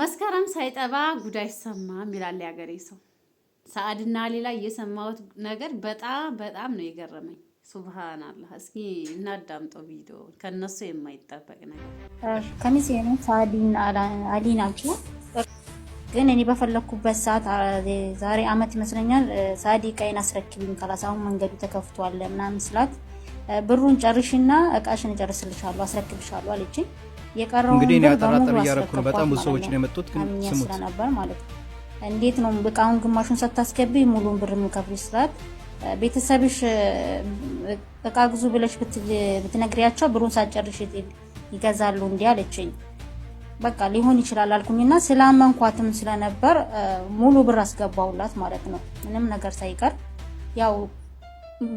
መስከረም ሳይጠባ ጉድ አይሰማም ይላል ያገሬ ሰው። ሰአድና ሌላ እየሰማሁት ነገር በጣም በጣም ነው የገረመኝ። ሱብሃናላህ። እስኪ እናዳምጠው ቪዲዮ ከነሱ የማይጠበቅ ነገር ከሚስ ሰአድና አሊ ናቸው። ግን እኔ በፈለግኩበት ሰዓት ዛሬ አመት ይመስለኛል ሳዲ ቀይን አስረክብኝ ካላስ መንገዱ ተከፍቷል ምናምን ስላት ብሩን ጨርሽና እቃሽን እጨርስልሻለሁ አስረክብሻለሁ አለችኝ። የቀረውን እንግዲህ እኔ አጠራጠር እያደረኩ ነው። በጣም ብዙ ሰዎች ነው የመጡት፣ ግን ስሙት ስለነበር ማለት ነው። እንዴት ነው እቃውን ግማሹን ሳታስገቢ ሙሉን ብር የምከፍልሽ ስርዓት ቤተሰብሽ እቃ ግዙ ብለሽ ብትነግሪያቸው ብሩን ሳጨርሽ ይገዛሉ እንዲህ አለችኝ። በቃ ሊሆን ይችላል አልኩኝና ስላመንኳትም ስለነበር ሙሉ ብር አስገባውላት ማለት ነው ምንም ነገር ሳይቀር ያው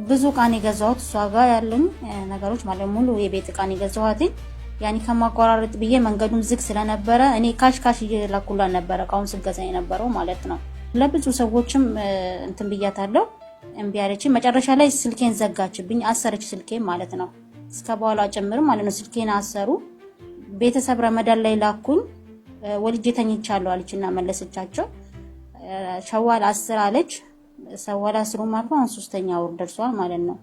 ብዙ እቃን የገዛሁት እሷ ጋር ያሉኝ ነገሮች ማለት ሙሉ የቤት እቃን የገዛኋትኝ ያኔ ከማቆራረጥ ብዬ መንገዱም ዝግ ስለነበረ እኔ ካሽ ካሽ እየላኩላን ነበረ እቃውን ስገዛ የነበረው ማለት ነው። ለብዙ ሰዎችም እንትን ብያታለሁ። እምቢ አለችኝ። መጨረሻ ላይ ስልኬን ዘጋችብኝ፣ አሰረች ስልኬን ማለት ነው። እስከ በኋላ ጭምር ማለት ነው። ስልኬን አሰሩ። ቤተሰብ ረመዳን ላይ ላኩኝ። ወልጄ ተኝቻለሁ እና መለሰቻቸው። ሸዋል አስር አለች። ሰዋላ አስሩም አልፎ አሁን ሶስተኛ ወር ደርሷል ማለት ነው።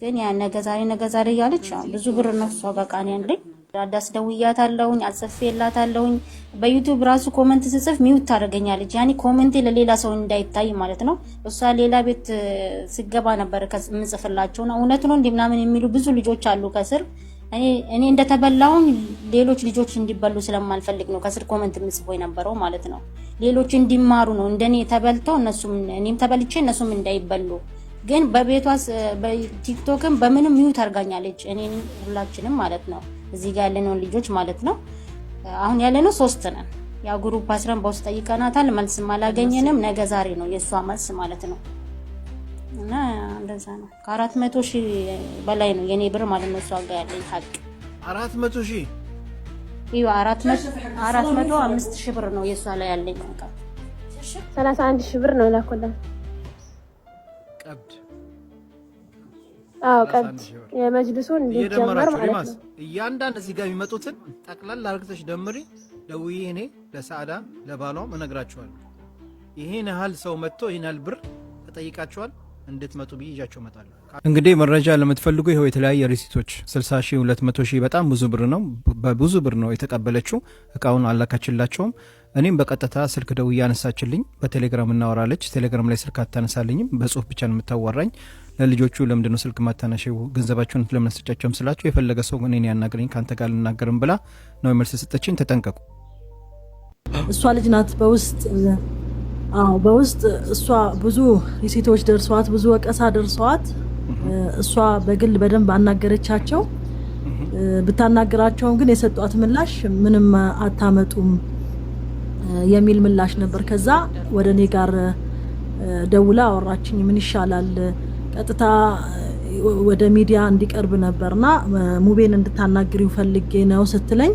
ግን ያ ነገ ዛሬ ነገ ዛሬ እያለች ብዙ ብር ነው በቃ እኔ ያለኝ አዳስ ደውያታለሁኝ አጽፌላታለሁኝ። በዩቲዩብ ራሱ ኮመንት ስጽፍ ሚውት ታደርገኛለች። ያኔ ኮመንቴ ለሌላ ሰው እንዳይታይ ማለት ነው። እሷ ሌላ ቤት ስገባ ነበር የምጽፍላቸው እውነት ነው እንዲህ ምናምን የሚሉ ብዙ ልጆች አሉ ከስር እኔ እንደተበላሁኝ ሌሎች ልጆች እንዲበሉ ስለማልፈልግ ነው ከስር ኮመንት ምጽፎ የነበረው ማለት ነው። ሌሎች እንዲማሩ ነው እንደኔ ተበልተው እነሱም እኔም ተበልቼ እነሱም እንዳይበሉ ግን በቤቷ በቲክቶክም በምንም ሚዩት አድርጋኛለች። እኔ ሁላችንም ማለት ነው እዚህ ጋር ያለነውን ልጆች ማለት ነው። አሁን ያለነው ሶስት ነን። ያው ግሩፕ አስረን በውስጥ ጠይቀናታል። መልስም አላገኘንም። ነገ ዛሬ ነው የእሷ መልስ ማለት ነው። እና እንደዛ ነው። ከአራት መቶ ሺህ በላይ ነው የኔ ብር ማለት ነው። እሷ ጋ ያለኝ ሀቅ አራት መቶ ሺህ ይኸው አራት መቶ አምስት ሺህ ብር ነው የእሷ ላይ ያለኝ ሀቅ። ሰላሳ አንድ ሺህ ብር ነው የላኩላት ቀብድ። አዎ ቀብድ የመጅልሱን እንዲጀመር ማለት ነው። እያንዳንድ እዚህ ጋር የሚመጡትን ጠቅላላ አርግተሽ ደምሪ። ደውዬ እኔ ለሰዓዳ ለባሏም እነግራችኋለሁ። ይህን ያህል ሰው መጥቶ ይህን ያህል ብር ተጠይቃቸዋል። እንድትመጡ ብዬ ይዣቸው እመጣለሁ። እንግዲህ መረጃ ለምትፈልጉ ይኸው የተለያየ ሪሲቶች 60 ሺህ 200 ሺህ በጣም ብዙ ብር ነው። በብዙ ብር ነው የተቀበለችው። እቃውን አላካችላቸውም። እኔም በቀጥታ ስልክ ደው እያነሳችልኝ በቴሌግራም እናወራለች። ቴሌግራም ላይ ስልክ አታነሳልኝም፣ በጽሁፍ ብቻ ነው የምታወራኝ። ለልጆቹ ለምንድነው ስልክ ማታነሽው? ገንዘባቸውን ለምን ስላቸው የፈለገ ሰው እኔን ያናግረኝ ከአንተ ጋር ልናገርም ብላ ነው መልስ ሰጠችኝ። ተጠንቀቁ፣ እሷ ልጅ ናት በውስጥ አዎ በውስጥ እሷ ብዙ የሴቶች ደርሰዋት ብዙ ወቀሳ ደርሰዋት እሷ በግል በደንብ አናገረቻቸው። ብታናገራቸውም ግን የሰጧት ምላሽ ምንም አታመጡም የሚል ምላሽ ነበር። ከዛ ወደ እኔ ጋር ደውላ አወራችኝ። ምን ይሻላል ቀጥታ ወደ ሚዲያ እንዲቀርብ ነበርና ሙቤን እንድታናግሪው ፈልጌ ነው ስትለኝ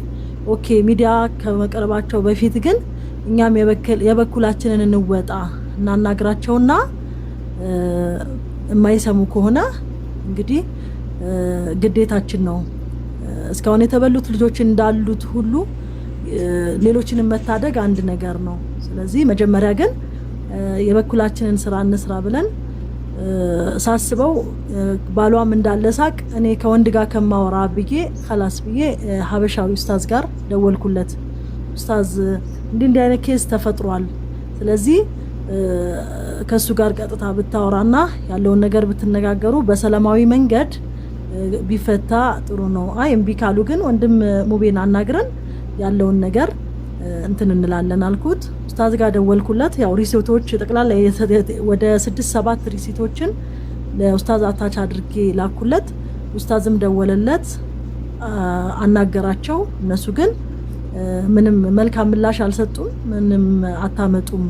ኦኬ ሚዲያ ከመቅረባቸው በፊት ግን እኛም የበኩላችንን እንወጣ እናናግራቸውና የማይሰሙ ከሆነ እንግዲህ ግዴታችን ነው። እስካሁን የተበሉት ልጆች እንዳሉት ሁሉ ሌሎችንም መታደግ አንድ ነገር ነው። ስለዚህ መጀመሪያ ግን የበኩላችንን ስራ እንስራ ብለን ሳስበው ባሏም እንዳለ ሳቅ እኔ ከወንድ ጋር ከማወራ ብዬ ከላስ ብዬ ሀበሻዊ ኡስታዝ ጋር ደወልኩለት። ኡስታዝ እንዲህ እንዲህ አይነት ኬዝ ተፈጥሯል፣ ስለዚህ ከእሱ ጋር ቀጥታ ብታወራና ያለውን ነገር ብትነጋገሩ በሰላማዊ መንገድ ቢፈታ ጥሩ ነው። አይ እምቢ ካሉ ግን ወንድም ሙቤን አናግረን ያለውን ነገር እንትን እንላለን አልኩት። ኡስታዝ ጋር ደወልኩላት። ያው ሪሲቶች ጠቅላላ ወደ ስድስት ሰባት ሪሲቶችን ለኡስታዝ አታች አድርጌ ላኩለት። ኡስታዝም ደወለለት አናገራቸው። እነሱ ግን ምንም መልካም ምላሽ አልሰጡም። ምንም አታመጡም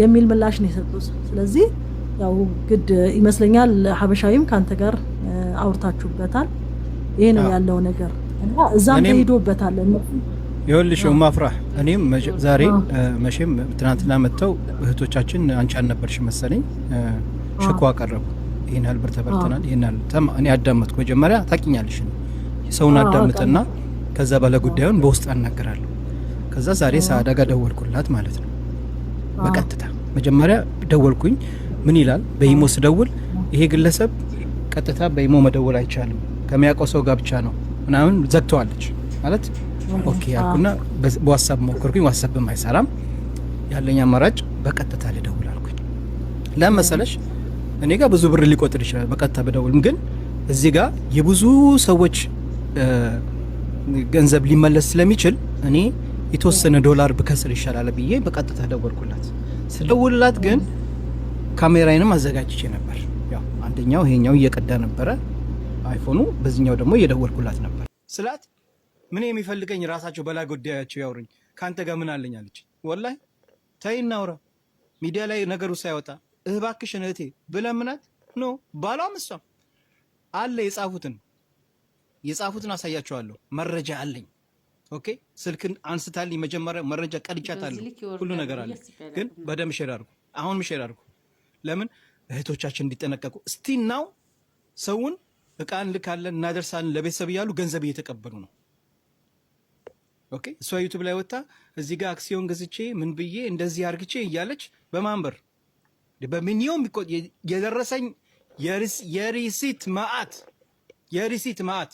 የሚል ምላሽ ነው የሰጡት። ስለዚህ ያው ግድ ይመስለኛል ሀበሻዊም ከአንተ ጋር አውርታችሁበታል። ይሄ ነው ያለው ነገር እና እዛም ተሄዶበታል። ይኸውልሽ ማፍራህ እኔም ዛሬ መቼም ትናንትና መጥተው እህቶቻችን አንቺ አልነበርሽ መሰለኝ ሸክዋ አቀረቡ። ይህን ያህል ብር ተበልተናል፣ ይህን ያህል እኔ አዳመጥኩ። መጀመሪያ ታውቂኛለሽ፣ ሰውን አዳምጥና ከዛ ባለ ጉዳዩን በውስጥ አናገራለሁ። ከዛ ዛሬ ሰአዳ ጋር ደወልኩላት ማለት ነው በቀጥታ መጀመሪያ ደወልኩኝ። ምን ይላል በኢሞ ስደውል ይሄ ግለሰብ ቀጥታ በኢሞ መደወል አይቻልም ከሚያውቀው ሰው ጋር ብቻ ነው ምናምን ዘግተዋለች ማለት ኦኬ ያልኩና በዋትሳፕ ሞከርኩኝ። ዋትሳፕም አይሰራም። ያለኝ አማራጭ በቀጥታ ልደውል አልኩኝ። ለምን እኔ ጋር ብዙ ብር ሊቆጥር ይችላል በቀጥታ በደውልም፣ ግን እዚህ ጋር የብዙ ሰዎች ገንዘብ ሊመለስ ስለሚችል እኔ የተወሰነ ዶላር ብከስር ይሻላል ብዬ በቀጥታ ደወልኩላት። ስደውልላት ግን ካሜራዬንም አዘጋጅቼ ነበር። ያው አንደኛው ይሄኛው እየቀዳ ነበረ አይፎኑ፣ በዚህኛው ደግሞ እየደወልኩላት ነበር ስላት ምን የሚፈልገኝ ራሳቸው በላይ ጉዳያቸው ያውሩኝ፣ ከአንተ ጋር ምን አለኝ አለች። ወላይ ተይ እናውራ፣ ሚዲያ ላይ ነገሩ ሳይወጣ እባክሽን እህቴ ብለምናት ኖ ባሏም እሷም አለ የጻፉትን የጻፉትን አሳያቸዋለሁ። መረጃ አለኝ። ኦኬ ስልክን አንስታልኝ መጀመሪያ መረጃ ቀድቻታለሁ። ሁሉ ነገር አለ። ግን በደምብ ሼር አድርጉ፣ አሁንም ሼር አድርጉ። ለምን እህቶቻችን እንዲጠነቀቁ እስቲ ናው ሰውን እቃ እንልካለን እናደርሳለን ለቤተሰብ እያሉ ገንዘብ እየተቀበሉ ነው። ኦኬ እሷ ዩቱብ ላይ ወጣ እዚህ ጋር አክሲዮን ገዝቼ ምን ብዬ እንደዚህ አርግቼ እያለች በማንበር በሚኒዮም የደረሰኝ የሪሲት ማአት የሪሲት ማአት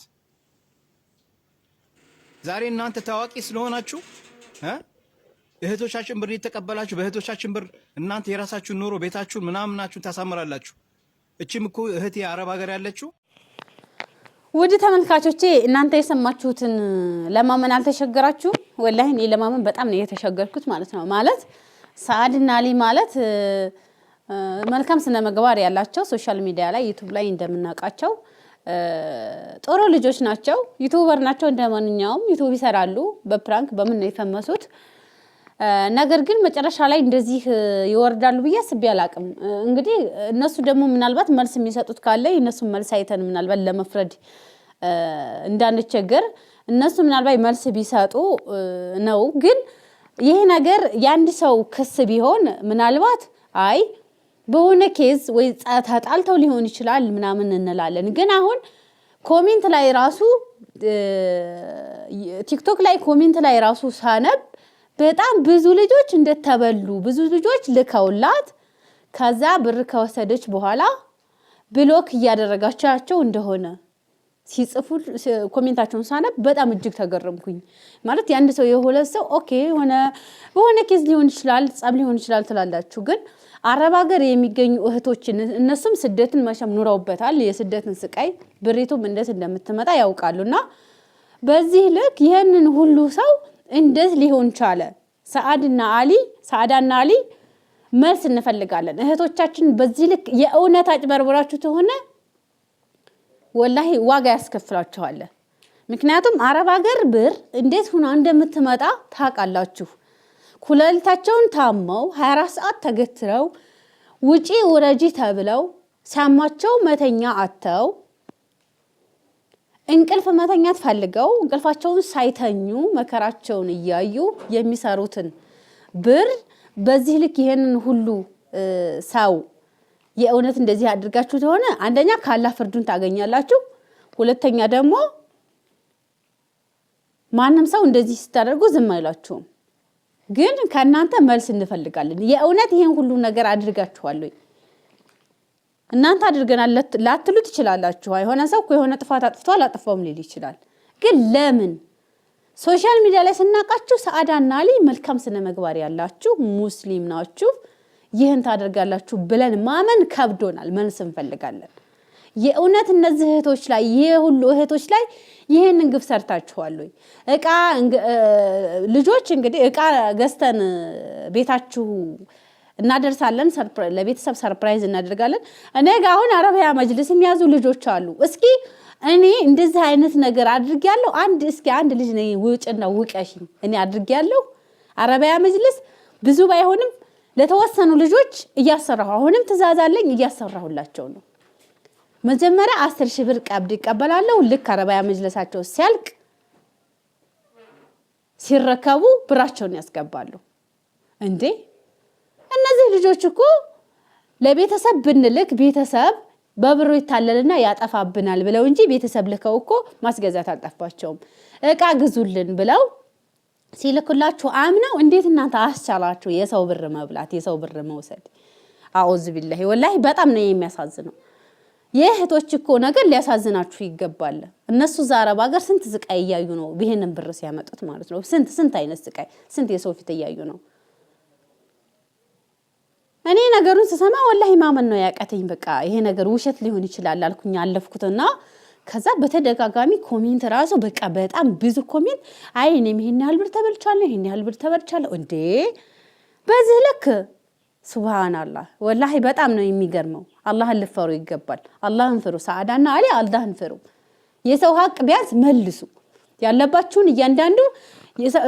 ዛሬ እናንተ ታዋቂ ስለሆናችሁ እህቶቻችን ብር እየተቀበላችሁ በእህቶቻችን ብር እናንተ የራሳችሁን ኑሮ ቤታችሁን ምናምናችሁን ታሳምራላችሁ። እችም እኮ እህቴ አረብ ሀገር ያለችው ውድ ተመልካቾቼ እናንተ የሰማችሁትን ለማመን አልተሸገራችሁ? ወላሂ እኔ ለማመን በጣም ነው የተሸገርኩት ማለት ነው። ማለት ሰአድና አሊ ማለት መልካም ስነ መግባር ያላቸው ሶሻል ሚዲያ ላይ ዩቱብ ላይ እንደምናውቃቸው ጥሩ ልጆች ናቸው። ዩቱበር ናቸው። እንደ ዩቱብ ይሰራሉ። በፕራንክ በምን ነው የፈመሱት ነገር ግን መጨረሻ ላይ እንደዚህ ይወርዳሉ ብዬ አስቤ አላቅም። እንግዲህ እነሱ ደግሞ ምናልባት መልስ የሚሰጡት ካለ የእነሱን መልስ አይተን ምናልባት ለመፍረድ እንዳንቸገር እነሱ ምናልባት መልስ ቢሰጡ ነው። ግን ይህ ነገር የአንድ ሰው ክስ ቢሆን ምናልባት አይ በሆነ ኬዝ ወይ ተጣልተው ሊሆን ይችላል ምናምን እንላለን። ግን አሁን ኮሜንት ላይ ራሱ ቲክቶክ ላይ ኮሜንት ላይ ራሱ ሳነብ በጣም ብዙ ልጆች እንደተበሉ ብዙ ልጆች ልከውላት ከዛ ብር ከወሰደች በኋላ ብሎክ እያደረጋቻቸው እንደሆነ ሲጽፉ ኮሜንታቸውን ሳነብ በጣም እጅግ ተገረምኩኝ። ማለት የአንድ ሰው የሁለት ሰው ኦኬ የሆነ በሆነ ኬዝ ሊሆን ይችላል፣ ጸብ ሊሆን ይችላል ትላላችሁ። ግን አረብ ሀገር የሚገኙ እህቶችን እነሱም ስደትን መሸም ኑረውበታል። የስደትን ስቃይ ብሪቱም እንዴት እንደምትመጣ ያውቃሉና በዚህ ልክ ይህንን ሁሉ ሰው እንዴት ሊሆን ቻለ? ሰአድና አሊ ሰአዳና አሊ መልስ እንፈልጋለን። እህቶቻችን በዚህ ልክ የእውነት አጭበርብራችሁ ተሆነ ወላሂ ዋጋ ያስከፍላችኋል። ምክንያቱም አረብ ሀገር ብር እንዴት ሁና እንደምትመጣ ታውቃላችሁ። ኩላሊታቸውን ታመው 24 ሰዓት ተገትረው ውጪ ውረጂ ተብለው ሲያማቸው መተኛ አተው እንቅልፍ መተኛት ፈልገው እንቅልፋቸውን ሳይተኙ መከራቸውን እያዩ የሚሰሩትን ብር በዚህ ልክ ይሄንን ሁሉ ሰው የእውነት እንደዚህ አድርጋችሁ ሆነ አንደኛ ካላ ፍርዱን ታገኛላችሁ። ሁለተኛ ደግሞ ማንም ሰው እንደዚህ ስታደርጉ ዝም አይላችሁም። ግን ከእናንተ መልስ እንፈልጋለን። የእውነት ይሄን ሁሉ ነገር አድርጋችኋል ወይ? እናንተ አድርገናል ላትሉ ትችላላችሁ። የሆነ ሰው የሆነ ጥፋት አጥፍቶ አላጠፋውም ሊል ይችላል። ግን ለምን ሶሻል ሚዲያ ላይ ስናውቃችሁ ሰአዳና አሊ መልካም ስነ መግባር ያላችሁ ሙስሊም ናችሁ፣ ይህን ታደርጋላችሁ ብለን ማመን ከብዶናል። መልስ እንፈልጋለን። የእውነት እነዚህ እህቶች ላይ ይህ ሁሉ እህቶች ላይ ይህንን ግብ ሰርታችኋል ወይ? እቃ ልጆች እንግዲህ እቃ ገዝተን ቤታችሁ እናደርሳለን። ለቤተሰብ ሰርፕራይዝ እናደርጋለን። እኔ ጋ አሁን አረቢያ መጅልስ የሚያዙ ልጆች አሉ። እስኪ እኔ እንደዚህ አይነት ነገር አድርጌያለሁ። አንድ እስኪ አንድ ልጅ ነኝ ውጭና ውቀሽኝ እኔ አድርጌያለሁ። አረቢያ መጅልስ ብዙ ባይሆንም ለተወሰኑ ልጆች እያሰራሁ አሁንም ትእዛዝ አለኝ እያሰራሁላቸው ነው። መጀመሪያ አስር ሺህ ብር ቀብድ ይቀበላለሁ። ልክ አረቢያ መጅለሳቸው ሲያልቅ ሲረከቡ ብራቸውን ያስገባሉ እንዴ ልጆች እኮ ለቤተሰብ ብንልክ ቤተሰብ በብሩ ይታለልና ያጠፋብናል ብለው እንጂ ቤተሰብ ልከው እኮ ማስገዛት አልጠፋቸውም። እቃ ግዙልን ብለው ሲልኩላችሁ አምነው እንዴት እናንተ አስቻላችሁ የሰው ብር መብላት፣ የሰው ብር መውሰድ? አዑዝ ቢላሂ ወላሂ፣ በጣም ነው የሚያሳዝነው። የእህቶች እኮ ነገር ሊያሳዝናችሁ ይገባል። እነሱ እዛ አረብ ሀገር ስንት ስቃይ እያዩ ነው ይሄንን ብር ሲያመጡት ማለት ነው። ስንት ስንት አይነት ስቃይ፣ ስንት የሰው ፊት እያዩ ነው። እኔ ነገሩን ስሰማ ወላሂ ማመን ነው ያቀተኝ። በቃ ይሄ ነገር ውሸት ሊሆን ይችላል አልኩኝ አለፍኩትና ከዛ በተደጋጋሚ ኮሜንት ራሱ በቃ በጣም ብዙ ኮሜንት፣ አይ እኔም ይሄን ያህል ብር ተበልቻለሁ፣ ይሄን ያህል ብር ተበልቻለሁ። እንዴ በዚህ ልክ ሱብሃናላህ፣ ወላሂ በጣም ነው የሚገርመው። አላህን ልፈሩ ይገባል። አላህን ፍሩ። ሰዓዳና አሊ አላህን ፍሩ። የሰው ሀቅ ቢያንስ መልሱ። ያለባችሁን እያንዳንዱ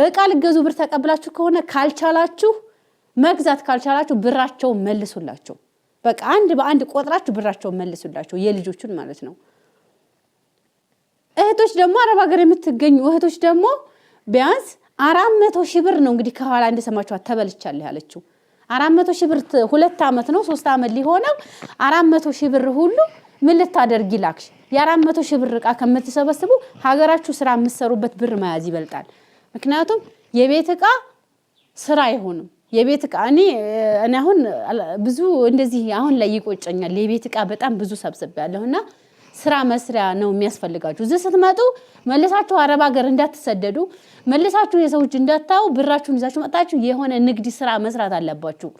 እቃ ልገዙ ብር ተቀብላችሁ ከሆነ ካልቻላችሁ መግዛት ካልቻላችሁ ብራቸውን መልሱላቸው። በቃ አንድ በአንድ ቆጥራችሁ ብራቸውን መልሱላቸው፣ የልጆቹን ማለት ነው። እህቶች ደግሞ አረብ ሀገር የምትገኙ እህቶች ደግሞ ቢያንስ አራት መቶ ሺህ ብር ነው እንግዲህ ከኋላ እንደሰማችኋት ተበልቻለሁ ያለችው አራት መቶ ሺህ ብር ሁለት ዓመት ነው ሶስት ዓመት ሊሆነው አራት መቶ ሺህ ብር ሁሉ ምን ልታደርጊ ላክሽ? የአራት መቶ ሺህ ብር ከምትሰበስቡ ሀገራችሁ ስራ የምትሰሩበት ብር መያዝ ይበልጣል። ምክንያቱም የቤት እቃ ስራ አይሆንም። የቤት እቃ እኔ እኔ አሁን ብዙ እንደዚህ አሁን ላይ ይቆጨኛል። የቤት እቃ በጣም ብዙ ሰብስብ እና ስራ መስሪያ ነው የሚያስፈልጋችሁ። እዚህ ስትመጡ መልሳችሁ አረብ ሀገር እንዳትሰደዱ፣ መልሳችሁ የሰው እጅ ብራችሁን ይዛችሁ መጣችሁ የሆነ ንግድ ስራ መስራት አለባችሁ።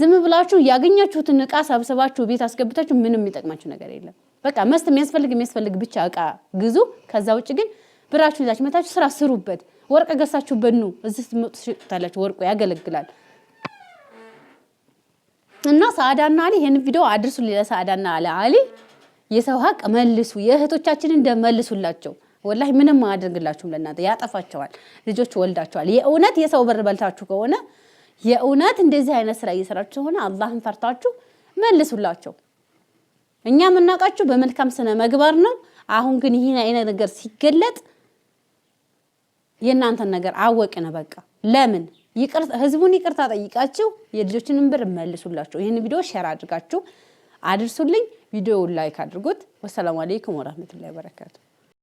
ዝም ብላችሁ ያገኛችሁትን እቃ ሰብስባችሁ ቤት አስገብታችሁ ምንም የሚጠቅማችሁ ነገር የለም። በቃ መስት የሚያስፈልግ የሚያስፈልግ ብቻ እቃ ግዙ። ከዛ ውጭ ግን ብራችሁን ይዛችሁ መጣችሁ ስራ ስሩበት። ወርቅ ገሳችሁ በኑ እዚህ ስትመጡ ትሸጡታላችሁ። ወርቁ ያገለግላል እና ሰአዳና አሊ ይህን ቪዲዮ አድርሱ። ሌላ ሰአዳና አሊ የሰው ሀቅ መልሱ፣ የእህቶቻችንን እንደ መልሱላቸው። ወላሂ ምንም አያደርግላችሁም፣ ለእናንተ ያጠፋቸዋል። ልጆች ወልዳቸዋል። የእውነት የሰው በር በልታችሁ ከሆነ የእውነት እንደዚህ አይነት ስራ እየሰራችሁ ከሆነ አላህን ፈርታችሁ መልሱላቸው። እኛ የምናውቃችሁ በመልካም ስነ መግባር ነው። አሁን ግን ይህን አይነት ነገር ሲገለጥ የእናንተን ነገር አወቅን በቃ። ለምን ህዝቡን ይቅርታ ጠይቃችሁ የልጆችንም ብር መልሱላቸው። ይህን ቪዲዮ ሼር አድርጋችሁ አድርሱልኝ። ቪዲዮውን ላይክ አድርጉት። ወሰላሙ አሌይኩም ወረህመቱላሂ ወበረካቱ።